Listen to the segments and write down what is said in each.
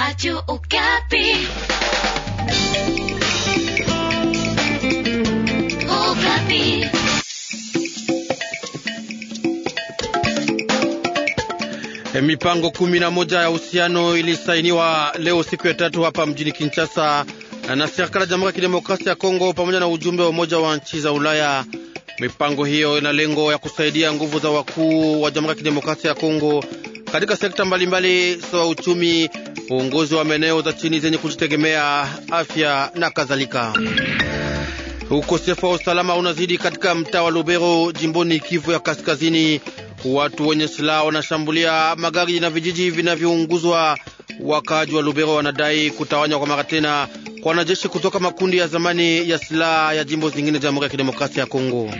Radio Okapi. Okapi. Eh, mipango kumi na moja ya uhusiano ilisainiwa leo siku ya tatu hapa mjini Kinshasa na serikali ya Jamhuri ya Kidemokrasia ya Kongo pamoja na ujumbe wa Umoja wa Nchi za Ulaya. Mipango hiyo ina lengo ya kusaidia nguvu za wakuu wa Jamhuri ya Kidemokrasia ya Kongo katika sekta mbalimbali sawa uchumi uongozi wa maeneo za chini zenye kujitegemea, afya na kadhalika. Ukosefu wa usalama unazidi katika mtaa wa Lubero jimboni Kivu ya Kaskazini. Watu wenye silaha wanashambulia magari na vijiji vinavyounguzwa. Wakaaji wa Lubero wanadai kutawanywa kwa mara tena kwa wanajeshi kutoka makundi ya zamani ya silaha ya jimbo zingine za Jamhuri ya Kidemokrasia ya Kongo.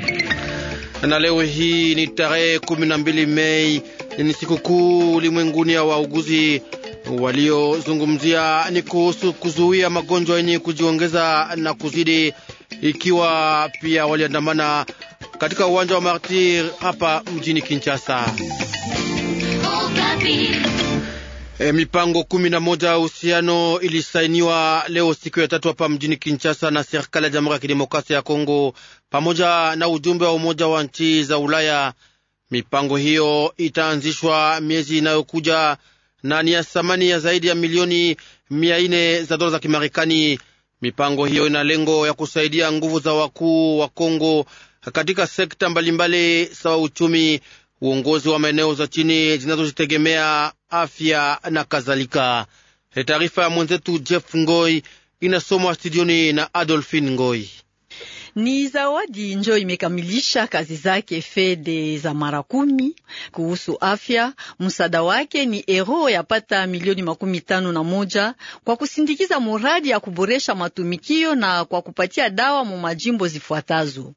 Na leo hii ni tarehe 12 Mei, ni sikukuu ulimwenguni ya wauguzi Waliozungumzia ni kuhusu kuzuia magonjwa yenye kujiongeza na kuzidi, ikiwa pia waliandamana katika uwanja wa Martir hapa mjini Kinshasa. E, mipango kumi na moja ya uhusiano ilisainiwa leo siku ya tatu hapa mjini Kinshasa na serikali ya Jamhuri ya Kidemokrasia ya Kongo pamoja na ujumbe wa Umoja wa nchi za Ulaya. Mipango hiyo itaanzishwa miezi inayokuja na ni ya thamani ya zaidi ya milioni mia nne za dola za Kimarekani. Mipango hiyo ina lengo ya kusaidia nguvu za wakuu wa Kongo katika sekta mbalimbali sawa uchumi, uongozi wa maeneo za chini zinazojitegemea, afya na kadhalika. Taarifa ya mwenzetu Jeff Ngoi inasomwa studioni na adolfin Ngoi. Ni zawadi njo imekamilisha kazi zake fede za mara kumi kuhusu afya. Msaada wake ni ero yapata milioni makumi tano na moja kwa kusindikiza muradi ya kuboresha matumikio na kwa kupatia dawa mu majimbo zifuatazo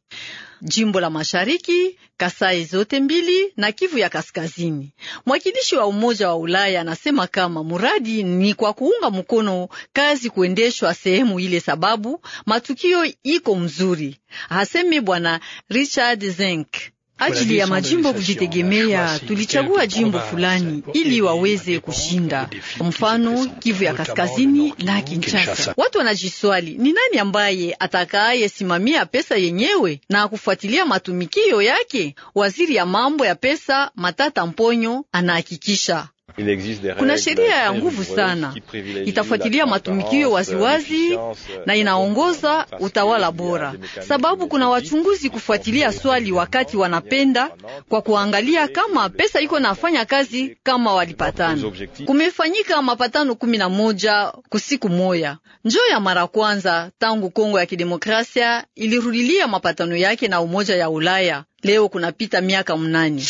jimbo la mashariki, Kasai zote mbili na Kivu ya kaskazini. Mwakilishi wa Umoja wa Ulaya anasema kama muradi ni kwa kuunga mkono kazi kuendeshwa sehemu ile, sababu matukio iko mzuri, haseme Bwana Richard Zenk ajili ya majimbo kujitegemea. Tulichagua jimbo fulani ili waweze kushinda, mfano Kivu ya Kaskazini na Kinshasa. Watu wanajiswali ni nani ambaye atakayesimamia pesa yenyewe na kufuatilia matumikio yake? Waziri ya mambo ya pesa Matata Mponyo anahakikisha kuna sheria ya nguvu sana, itafuatilia matumikio waziwazi na inaongoza utawala bora, sababu kuna wachunguzi kufuatilia swali wakati wanapenda, kwa kuangalia kama pesa iko nafanya kazi kama walipatana. Kumefanyika mapatano kumi na moja kusiku moya, njo ya mara kwanza tangu Kongo ya Kidemokrasia ilirudilia mapatano yake na Umoja ya Ulaya. Leo kunapita miaka mnane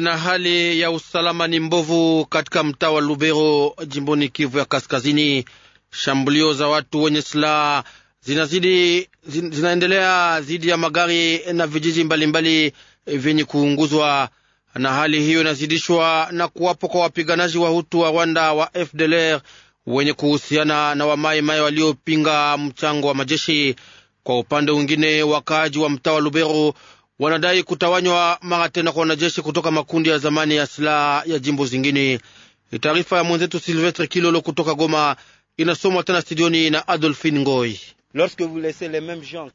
na hali ya usalama ni mbovu katika mtaa wa Lubero, jimboni Kivu ya Kaskazini. Shambulio za watu wenye silaha zinazidi zin, zinaendelea dhidi ya magari na vijiji mbalimbali vyenye kuunguzwa, na hali hiyo inazidishwa na kuwapo kwa wapiganaji wa Hutu wa Rwanda wa FDLR wenye kuhusiana na wamaimai waliopinga mchango wa majeshi. Kwa upande mwingine, wakaaji wa mtaa wa Lubero wanadai kutawanywa mara tena kwa wanajeshi kutoka makundi ya zamani ya silaha ya jimbo zingine. Taarifa ya mwenzetu Silvestre Kilolo kutoka Goma inasomwa tena studioni na Adolfin Ngoi.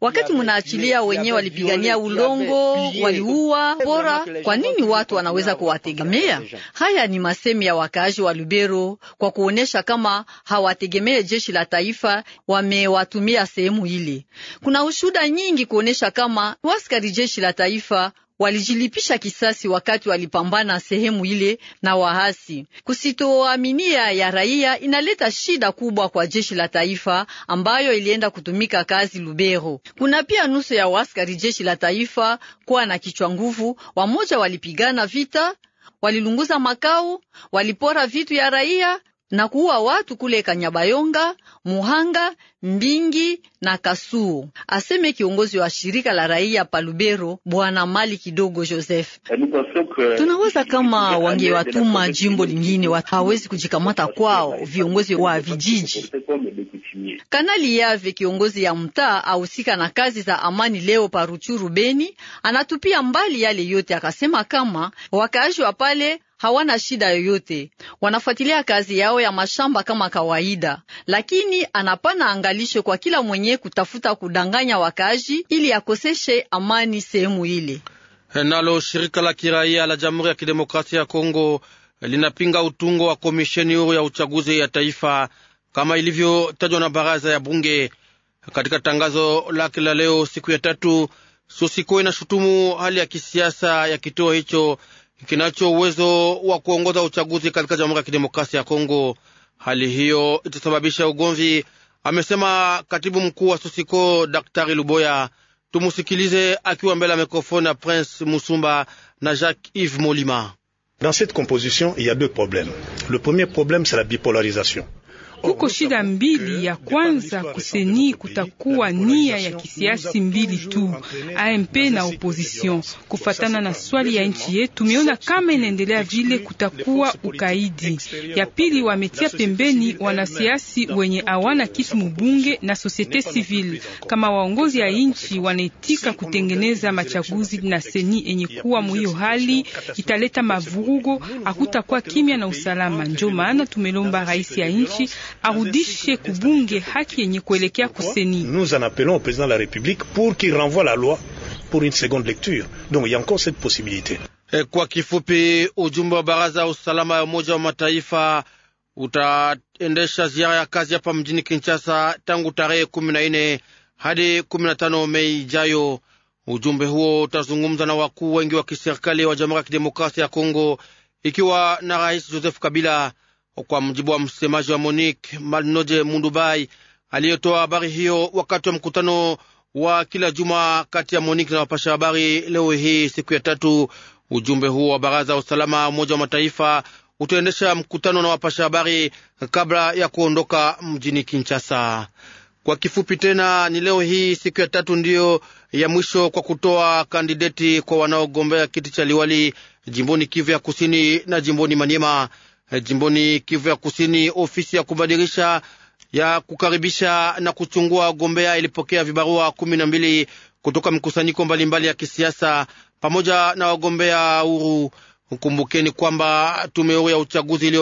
Wakati munaachilia wenye walipigania ulongo, waliua bora, kwa nini watu wanaweza kuwategemea? Haya ni masemi ya wakaaji wa Lubero kwa kuonyesha kama hawategemee jeshi la taifa, wamewatumia sehemu ile. Kuna ushuda nyingi kuonyesha kama waskari jeshi la taifa walijilipisha kisasi wakati walipambana sehemu ile na wahasi. Kusitoaminia ya raia inaleta shida kubwa kwa jeshi la taifa ambayo ilienda kutumika kazi Lubero. Kuna pia nusu ya waskari jeshi la taifa kuwa na kichwa nguvu. Wamoja walipigana vita, walilunguza makao, walipora vitu ya raia na kuua watu kule Kanyabayonga, Muhanga, Mbingi na Kasuo, aseme kiongozi wa shirika la raia Palubero, Bwana Mali Kidogo Joseph. Eh, tunaweza kama wangewatuma jimbo lingine, hawezi kujikamata kwao viongozi wa vijiji. Kanali Yave, kiongozi ya mtaa ahusika na kazi za amani, leo paruchuru Beni, anatupia mbali yale yote, akasema kama wakaaji wa pale hawana shida yoyote, wanafuatilia kazi yao ya mashamba kama kawaida, lakini anapana angalisho kwa kila mwenye kutafuta kudanganya wakaji ili akoseshe amani sehemu ile. Nalo shirika la kiraia la Jamhuri ya Kidemokrasia ya Kongo linapinga utungo wa komisheni huru ya uchaguzi ya taifa kama ilivyotajwa na baraza ya bunge katika tangazo lake la leo siku ya tatu. Sosikoe na shutumu hali ya kisiasa ya kituo hicho kinacho uwezo wa kuongoza uchaguzi katika Jamhuri ya Kidemokrasia ya Kongo. Hali hiyo itasababisha ugomvi, amesema katibu mkuu wa Sosiko Daktari Luboya. Tumusikilize akiwa mbele ya mikrofoni ya Prince Musumba na Jacques Yves Molima. Dans cette composition, il y a deux problèmes. Le premier problème, c'est la bipolarisation huko shida mbili. Ya kwanza kuseni kutakuwa nia ya kisiasi mbili tu, AMP na opposition. Kufatana na swali ya nchi yetu, tumeona kama inaendelea vile kutakuwa ukaidi. Ya pili, wametia pembeni wanasiasi wenye awana kitu mubunge na societe civile. Kama waongozi ya nchi wanaitika kutengeneza machaguzi na seni enye kuwa muhiyo, hali italeta mavurugo, hakutakuwa kimya na usalama. Ndio maana tumelomba rais ya nchi arudishe kubunge haki yenye kuelekea kuseni. Nous en appelons au président de la République pour qu'il renvoie la loi pour une seconde lecture. Donc il y a encore cette possibilité. Eh, kwa kifupi, ujumbe wa baraza ya usalama ya Umoja wa Mataifa utaendesha ziara ya kazi hapa mjini Kinshasa tangu tarehe kumi na nne hadi kumi na tano Mei ijayo. Ujumbe huo utazungumza na wakuu wengi wa kiserikali wa Jamhuri ya Kidemokrasia ya Kongo, ikiwa na Rais Joseph Kabila kwa mjibu wa msemaji wa Monik Malnoje Mundubai aliyetoa habari hiyo wakati wa mkutano wa kila juma kati ya Monik na wapasha habari leo hii siku ya tatu. Ujumbe huo wa baraza ya usalama wa Umoja wa Mataifa utaendesha mkutano na wapasha habari kabla ya kuondoka mjini Kinshasa. Kwa kifupi tena, ni leo hii siku ya tatu ndiyo ya mwisho kwa kutoa kandideti kwa wanaogombea kiti cha liwali jimboni Kivu ya kusini na jimboni Maniema. Eh, jimboni Kivu ya Kusini, ofisi ya kubadilisha ya kukaribisha na kuchungua wagombea ilipokea vibarua kumi na mbili kutoka mikusanyiko mbalimbali ya kisiasa pamoja na wagombea huru. Kumbukeni kwamba tume huru ya uchaguzi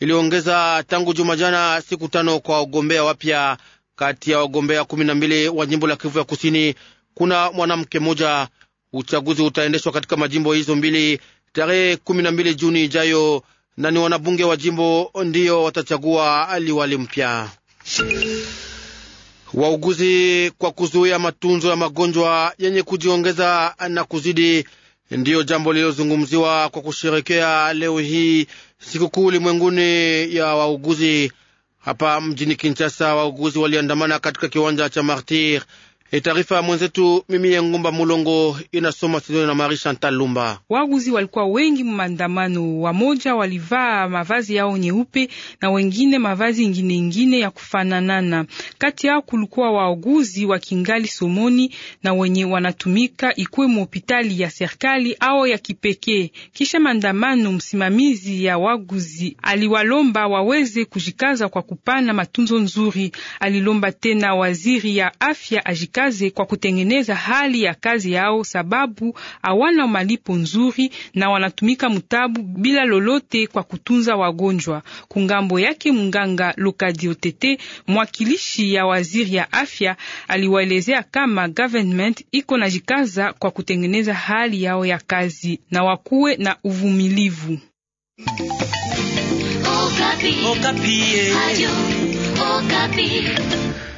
iliongeza tangu juma jana siku tano kwa wagombea wapya. Kati ya wagombea kumi na mbili wa jimbo la Kivu ya Kusini kuna mwanamke mmoja. Uchaguzi utaendeshwa katika majimbo hizo mbili tarehe kumi na mbili Juni ijayo na ni wanabunge wa jimbo ndiyo watachagua liwali mpya. Wauguzi kwa kuzuia matunzo ya magonjwa yenye kujiongeza na kuzidi, ndiyo jambo lililozungumziwa kwa kusherekea leo hii sikukuu ulimwenguni ya wauguzi. Hapa mjini Kinshasa, wauguzi waliandamana katika kiwanja cha Martir E, taarifa ya mwenzetu mimi ya Ngumba Mulongo inasoma Sidoni na Mari Chantal Lumba. Waguzi walikuwa wengi mumandamano, wamoja walivaa mavazi yao nyeupe na wengine mavazi ingine ingine ya kufananana. Kati yao kulikuwa wauguzi wa kingali somoni na wenye wanatumika ikuwe muhopitali ya serikali au ya kipekee. Kisha maandamano, msimamizi ya waguzi aliwalomba waweze kujikaza kwa kupana matunzo nzuri. Alilomba tena waziri ya afya ajika wajikaze kwa kutengeneza hali ya kazi yao, sababu hawana malipo nzuri na wanatumika mtabu bila lolote kwa kutunza wagonjwa. Kungambo yake mganga Lokadi Otete, mwakilishi ya waziri ya afya, aliwaelezea kama government iko na jikaza kwa kutengeneza hali yao ya kazi na wakuwe na uvumilivu. Okapi. Okapi. Eh.